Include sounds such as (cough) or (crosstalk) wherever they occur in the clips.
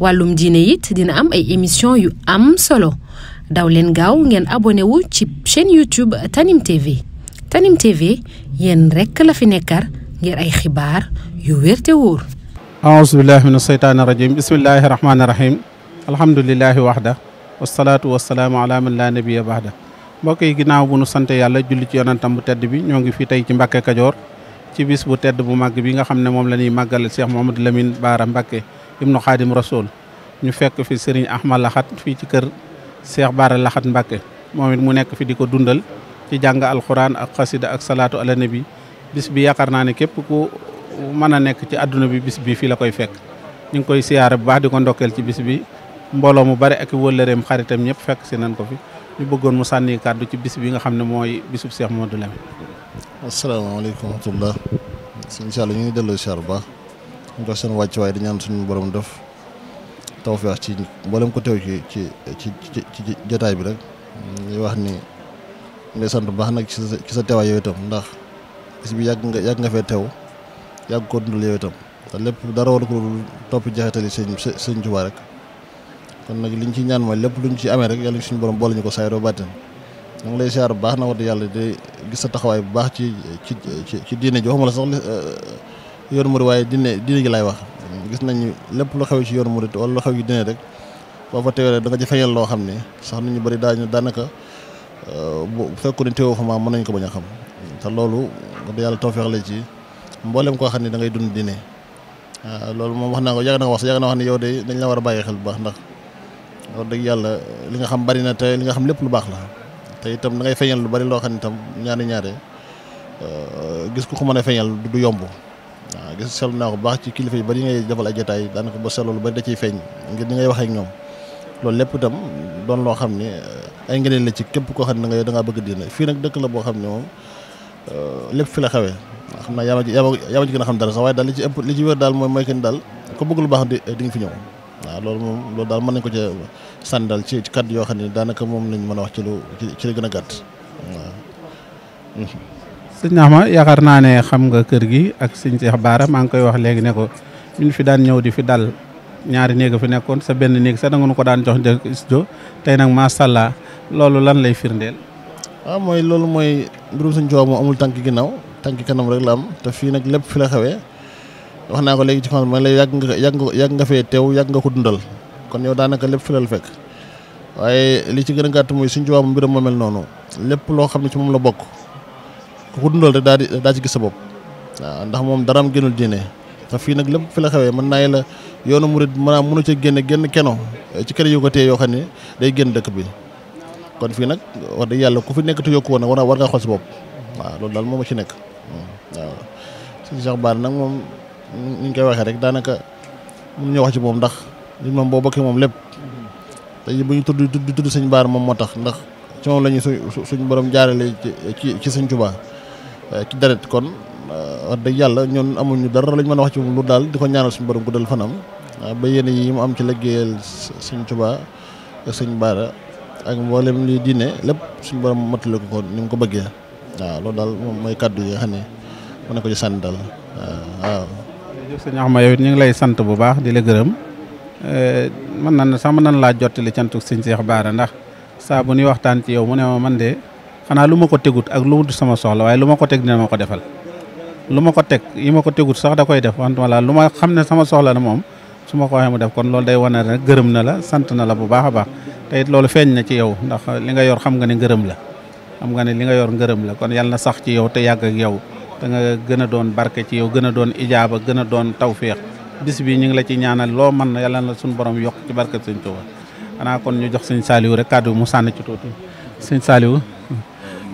wàllum diine it dina am ay émission yu am solo daw leen gaaw ngeen abonewu ci chaîne YouTube Tanim TV Tanim TV yéen rekk la fi nekkar ngir ay xibaar yu wér te wóor aousubillahi min asheytaani irajim bismillahi rahmaani rahim alhamdulilahi waxda wasalaatu wasalaamu ala man laa nabiya da mbokk yi ginnaaw bu nu sant yàlla julli ci yonantam bu tedd bi ñoo ngi fii tey ci Mbàkke Kajoor ci bis bu tedd bu màgg bi nga xam ne moom la ñuy màggal Cheikh Mouhamadou Lamine Bara Mbàkke ibnu xaadim rasoul ñu fekk fi sëriñ ahmad laxat fii ci kër seex baara laxat mbàkke moom it mu nekk fi di ko dundal ci jàng alxuraan ak xasida ak salaatu ala nabi bis bi yaakaar naa ne képp ku mën a nekk ci àdduna bi bis bi fii la koy fekk ñu ngi koy siyaare bu baax di ko ndokkeel ci bis bi mbooloo mu bari ak wëllëreem xaritam ñëpp fekk si nañ ko fi ñu bëggoon mu sànni kàddu ci bis bi nga xam ne mooy bisub Seex moo du asalaamaaleykum wa rahmatulah sëñ Sall ñu jox seen wàccuwaay di ñaan suñu borom def taw tawfeex ci mboolem ko teew ci ci ci ci jotaay bi rek ñuy wax ni ngay bu baax nag ci ci sa teewaay yooyu ndax bis bi yàgg nga yàgg nga fee teew yàgg ko dundal yooyu itam te lépp dara war ko topp jaxetali sëñ sëñ Tuubaa rek kon nag liñ ci ñaan mooy lépp luñ ci amee rek yàlla suñu borom boole ñu ko saay doo bàttin ngi lay siyaar bu baax na wax yàlla de gis sa taxawaay bu baax ci ci ci diine ji waxuma sax yor murid waaye diine diine gi laay wax gis nañu lépp lu xew ci yor murid wala lu xew ci diine rek boo fa teewee da nga ci feeñal loo xam ne sax nit ñu bëri daañu daanaka euh, bu fekkoon ne teewoo fa maam mën nañ ko bañ a xam te loolu da yàlla tawfeex la ci mboolem koo xam ne da ngay dund diine waaw loolu moom wax naa ko yàgg na ko wax sax na wax ne yow dañ la war a bàyyi xel bu baax ndax wax dëgg yàlla li nga xam bari na te li nga xam lépp lu baax la te itam da ngay feeñal lu bari loo xam ne itam ñaari ñaare euh, gis ku ko mën a feeñal du yomb seetlu naa ko baax ci kilifa yi ba di ngay defal ay jotaay daanaka ba seetlu lu bari da ciy feeñ ngir ni ngay waxee ak ñoom loolu lépp itam doon loo xam ne ay ngëneel la ci képp koo xam ne danga da ngaa bëgg diine fii nag dëkk la boo xam ne moom euh, fi la xawee xam naa yaa ma ci yaa ma ci a xam dara sax waaye daal li ci li ci daal mooy mooy que ni daal ko bëgg lu baax fi ñëw waaw loolu moom loolu daal mën nañ ko ci sànni daal ci kàddu yoo xam ne daanaka moom lañ mën a wax ci lu ci li gën a gàtt sëñ ma yaakaar naa ne xam nga kër gi ak sëñ Seex maa ngi koy wax léegi ne ko ñun fi daan ñëw di fi daal ñaari néeg fi nekkoon sa benn néeg sa da ko daan jox njëkk studio tey nag maa allah loolu lan lay firndeel. Ah, mooy loolu mooy mbirum suñu coow moom amul tànk ginnaaw tànk kanam rek la am te fii nag lépp fi la xewee wax naa ko léegi ci xam ma lay yàgg nga yàgg nga yàgg nga fee teew yàgg nga ko dundal kon yow daanaka lépp fi la fekk waaye li ci gën a gàtt mooy suñu coow mbiram moo mel noonu lépp loo xam ne ci moom la bokk ku ko dundal daal di daal ci gis sa bopp waaw ndax moom daraam gënul diine te fii nag lépp fi la xewee man naa la yoonu murid maanaam mënu ca génne génn keno ci kër yu ko téye yoo xam ne day génn dëkk bi kon fii nag wax dëgg yàlla ku fi nekk te yokku woon nag war war ngaa xool sa bopp waaw loolu daal moom a ci nekk waaw sëñ Cheikh nag moom ni koy waxee rek daanaka mun ñu wax ci moom ndax nit moom boo bokkee moom lépp tey bu ñu tudd tudd sëñ Bara moom moo tax ndax ci moom la ñuy suñ borom jaarale ci ci sëñ Tuubaa ci eh, deret kon eh, wax dëgg yàlla ñun amuñu dara lañ mën a wax ci lu daal di ko ñaanal suñu borom guddal fanam eh, ba yéen yi mu am ci liggéeyal suñ Tuubaa sëñ Baara ak mboolem li diine lépp suñu borom matale ko kon ni mu ko bëggee waaw loolu daal moom mooy kàddu yi nga xam ne mën na ko ci sànni daal waaw. jërëjëf sëñ ñu ngi lay sant bu baax di la gërëm mën nan sax mën nan laa jottali cantuk sëñ Cheikh Baara ndax saa bu waxtaan ci yow mu ne ma man de. xanaa lu ma ko tegut ak lu mu du sama soxla waaye lu ma ko teg dina ma ko defal lu ma ko teg yi ma ko tegut sax da koy def wante wala lu ma xam ne sama soxla la moom su ma ko waxee mu def kon loolu day wane rek gërëm na la sant na la bu baax a baax te loolu feeñ na ci yow ndax li nga yor xam nga ne ngërëm la xam nga ne li nga yor ngërëm la kon yàlla na sax ci yow te yàgg ak yow te nga gën a doon barke ci yow gën a doon ijaaba gën a doon tawféex bis bii ñu ngi la ci ñaanal loo mën na yàlla na suñu borom yokk ci barke sëñ Tuuba xanaa kon ñu jox sëñ Saliou rek kàddu mu sànni ci tuuti sëñ Saliou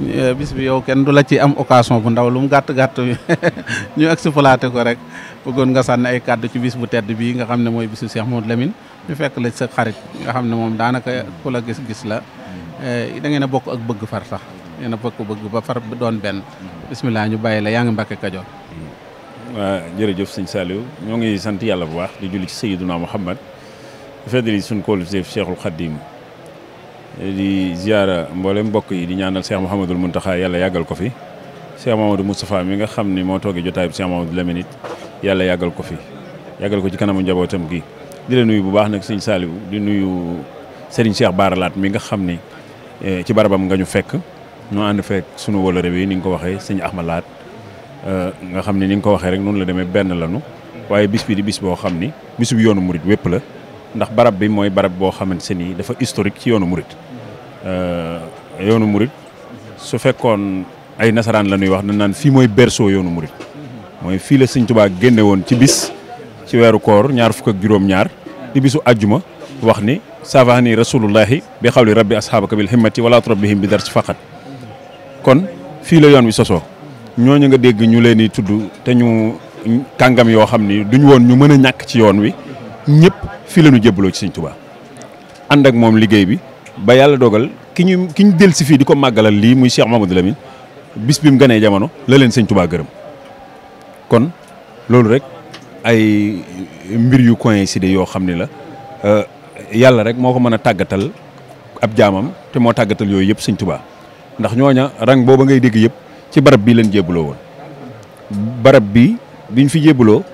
Euh, bis bi yow kenn du la ci am occasion bu ndaw lu mu gàtt gàtt (laughs) ñu exploité ko rek bëggoon nga sànni ay kàddu ci bis bu tedd bii nga xam ne mooy bisu Cheikh Modou Lamine ñu fekk la sa xarit nga xam ne moom daanaka ku la gis-gis la euh, da ngeen bokk ak bëgg far sax ngeen a bokk bëgg ba far doon benn bisimilah ñu bàyyi la yaa ngi Mbàkke Kajoor jërëjëf sëñ Saliou ñoo ngi sant yàlla bu baax di julli ci Seydina Muhammad fedali suñ kóolu Cheikhul Khadim di ziara mboolem mbokk yi di ñaanal Cheikh Mouhamadul Mountakha yàlla yàggal ko fi Cheikh Mouhamadou Moustapha mi nga xam ni moo toogee jotaay bi Cheikh Mouhamadou Lamine it yàlla yàggal ko fi yàggal ko ci kanamu njabootam gi di la nuyu bu baax nag sëñ Saliou di nuyu Serigne Cheikh Baaralaat mi nga xam ni eh, ci barabam nga ñu fekk ñu ànd fekk sunu wolore bi ni nga ko waxee sëñ Ahmad Laat eh, nga xam ni ni nga ko waxee rek noonu la demee benn lanu waaye bis bi di bis boo xam ni bisub yoonu murit wépp la. ndax barab bi mooy barab boo xamante se dafa historique ci yoonu murit euh, yoonu murit su fekkoon ay nasaraan la ñuy wax dañ naan fii mooy berso yoonu murit mooy fii la Sëñ Tuubaa génne woon ci bis ci weeru koor ñaar fukk ak juróom-ñaar di bisu àjjuma wax ni saafahani rasulullahi bee xawli rabbi asxaabaka bil himmati wala turabbihim bi dar si faqat kon fii la yoon wi sosoo ñooñu nga dégg ñu leen di tudd te ñu kàngam yoo xam ni duñu woon ñu mën a ñàkk ci yoon wi ñëpp fii la ñu jébbaloo ci sëñ Touba ànd ak moom liggéey bi ba yàlla dogal ki ñu ki ñu del si fii di ko màggalal lii muy Cheikh Mamadou Lamine bis bi mu ganee jamono la leen sëñ Touba gërëm kon loolu rek ay mbir yu coïncidé yoo xam ne la euh, yàlla rek moo ko mën a tàggatal ab jaamam te moo tàggatal yooyu yëpp sëñ Touba ndax ñooña rang booba ngay dégg yëpp ci barab bi leen jébbaloo woon barab bi biñ fi jébbaloo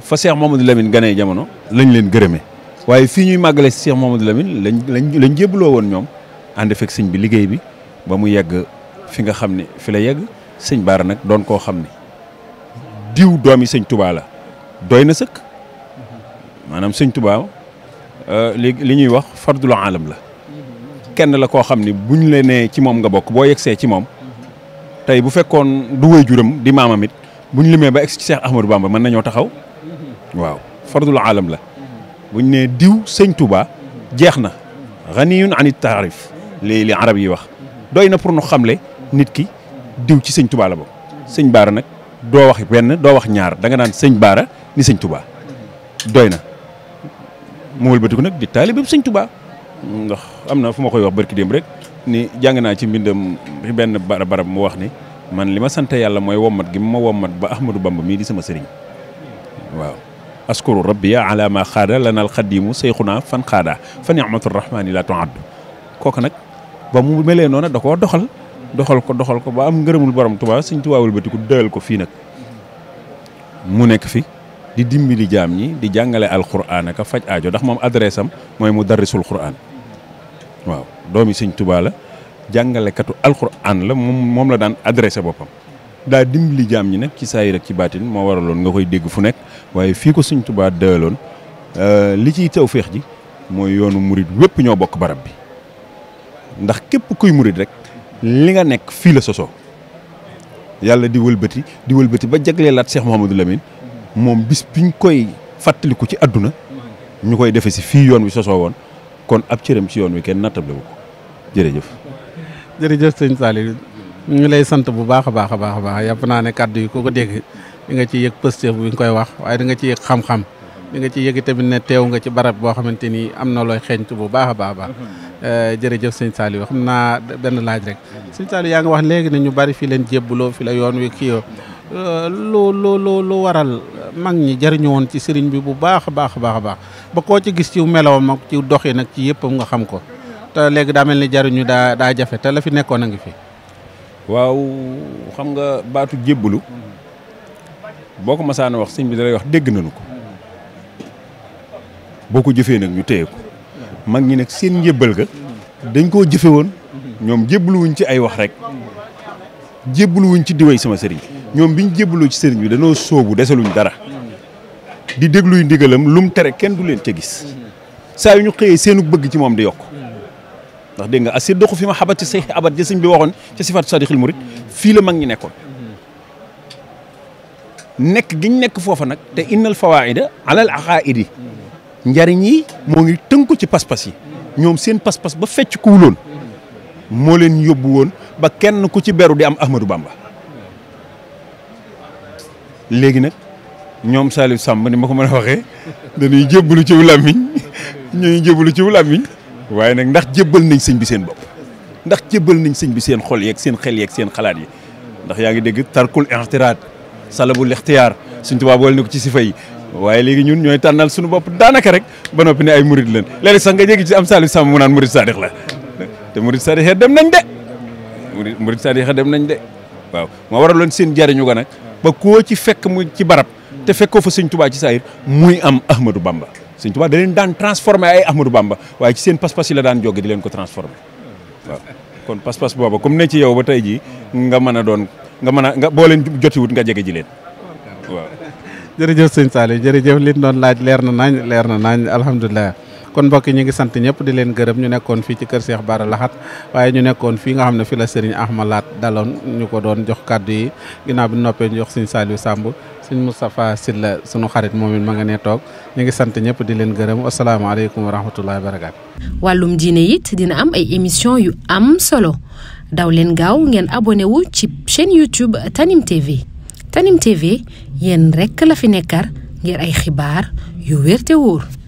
fa Cheikh Mamadou Lamine ganee jamono lañ leen gërëmee waaye fii ñuy màggale si Cheikh Mamadou Lamine lañ lañ lañ jébbaloo woon ñoom ànd fekk sëñ bi liggéey bi ba mu yegg fi nga xam ne fi la yegg sëñ Baara nag doon koo xam ni diw doomi sëñ Touba la doy na sëkk maanaam sëñ Touba euh, li li ñuy wax fardul alam la kenn la koo xam ne buñ la nee ci moom nga bokk boo yegsee ci moom tey bu fekkoon du waajuram di maamam it buñ limee ba egg ci Cheikh Ahmadou Bamba mën nañoo taxaw waaw fardul aalam la buñ nee diw sëñ tubaa jeex na ganiyun anit taarif léegi li arab yi wax doy na pour nu xamle nit ki diw ci sëñ Touba la bokk sëñ Baara nag doo wax benn doo wax ñaar da nga naan sëñ Baara ni sëñ Touba doy na mu wëlbatiku nag di taalibeeb sëñ tubaa ndax am na fu ma koy wax barki rek ni jàng naa ci mbindam ci benn barab mu wax ni man li ma sant yàlla mooy wommat gi ma wommat ba Ahmadou Bamba mii di sama sëriñ waaw askuru rabbiya ala ma xaada lana alxadimu seyxuna fan xaada fa nicmatu rahmaani la tuaddu kooku nag ba mu melee noonu da koo doxal doxal ko doxal ko ba am ngërëmul borom Tuubaa Sëñ Tuubaa wëlbatiku dëgal ko fii nag mu nekk fi di dimbali jaam ñi di jàngale alxuraan ak faj aajo ndax moom adresse am mooy mu darrisul xuraan waaw doomi Sëñ Tuubaa la jàngalekatu alxuraan la moom la daan adressé boppam daa dimbali jaam ñi nag ci saayir ak ci baatin moo waraloon nga koy dégg fu nekk waaye fii ko Sëñ Tuubaa dayaloon euh, li ciy tew feex ji mooy yoonu murit wépp ñoo bokk barab bi ndax képp kuy murit rek li nga nekk fii la sosoo yàlla di wëlbati di wëlbati ba jagleelaat Cheikh Mouhamadou Lamine moom bis biñ koy fàttaliku ci àdduna ñu koy defe si fii yoon wi sosoo woon kon ab cëram ci yoon wi kenn nattable wu ko jërëjëf jërëjëf ñu ngi lay sant bu baax a baax a baax a baax yàpp naa ne kàddu yi ku ko dégg di nga ci yëg pëstéef bi nga koy wax waaye di nga ci yëg xam-xam di nga ci yëg tamit ne teew nga ci barab boo xamante ni am na looy xeeñtu bu baax a baax a baax mm-hmm. eh, jërëjëf sëñ Saliou xam naa benn laaj rek sëñ Saliou yaa ngi wax léegi ne ñu bari fi leen jébbuloo fi la yoon wi kii yoo eh, lu lu lu lu waral mag ñi jëriñu woon ci sëriñ bi bu baax a baax a baax a baax ba koo ci gis ci melawam ak ci doxi nag ci yëppam nga xam ko mm-hmm. te léegi daa mel ni jëriñu daa daa jafe te la fi nekkoon a ngi fi waaw xam nga baatu jébbalu boo ko masaana wax sëñ bi daray wax dégg nañu ko boo ko jëfee nag ñu téye ko mag ñi nag seen njébbal ga dañ koo jëfe woon ñoom jébbaluwuñ ci ay wax rek jébbaluwuñ ci diwey sama sëriñ ñoom biñ jébbaloo ci sëriñ bi danoo soobu desaluñ dara di dégluy ndigalam mu tere kenn du leen ca gis saa yu ñu xëyee seenu bëgg ci moom di yokk ndax dégg nga asir doxu fi ma xabat ci say abat ji sëñ bi waxoon ci sifatu sadixil murid fii la mag ñi nekkoon nekk giñ nekk foofa nag te innal fawaida alal aqaidi njariñ yi moo ngi tënku ci pas-pas yi ñoom seen pas-pas ba fecc ku moo leen yóbbu woon ba kenn ku ci beru di am Ahmadou Bamba léegi nag ñoom Saliou Samb ni ma ko mën a waxee dañuy jébbalu ci wu làmmiñ ñuy jébbalu ci wu làmmiñ waaye nag ndax jébbal nañ sëñ bi seen bopp ndax jébbal nañ sëñ bi seen xol yeeg seen xel yeeg seen xalaat yi ndax yaa ngi dégg tarkul inhtiraat salabul ixtiyaar suñ tubaab boole ni ko ci si fay waaye léegi ñun ñooy tànnal suñu bopp daanaka rek ba noppi ne ay murid lañ léegi sax nga jéggi ci am Saliou Samb mu naan murid sadix la te murid sadix dem nañ de murid murid sadix dem nañ de waaw moo waraloon seen jariñu ga nag ba koo ci fekk mu ci barab te fekkoo fa sëñ ci saayir muy am Ahmadou Bamba sëñ Tuubaa da leen daan transformé ay Ahmadou Bamba waaye ci seen pas-pas yi la daan jóge di leen ko transformé waaw kon pas-pas booba comme ne ci yow ba tey ji nga mën a doon nga mën a nga boo leen jotiwut nga jege ji leen waaw (laughs) jërëjëf sëñ Saliou jërëjëf liñ doon laaj leer na naañ leer na naañ alhamdulilah kon mbokk yi ñu ngi sant ñëpp di leen gërëm ñu nekkoon fii ci kër Cheikh Bara laxat waaye ñu nekkoon fii nga xam ne fi la Serigne Ahma Laat daloon ñu ko doon jox kàddu yi ginnaaw bi noppee ñu jox Serigne Saliou Samb Serigne Moustapha Sylla sunu xarit moom it ma nga nee toog ñu ngi sant ñëpp di leen gërëm asalaamaaleykum wa rahmatullahi wa barakaatu. wàllum diine it dina am ay émission yu am solo daw leen gaaw ngeen abonné wu ci chaîne YouTube Tanim TV Tanim TV yéen rekk la fi nekkar ngir ay xibaar yu wér wóor.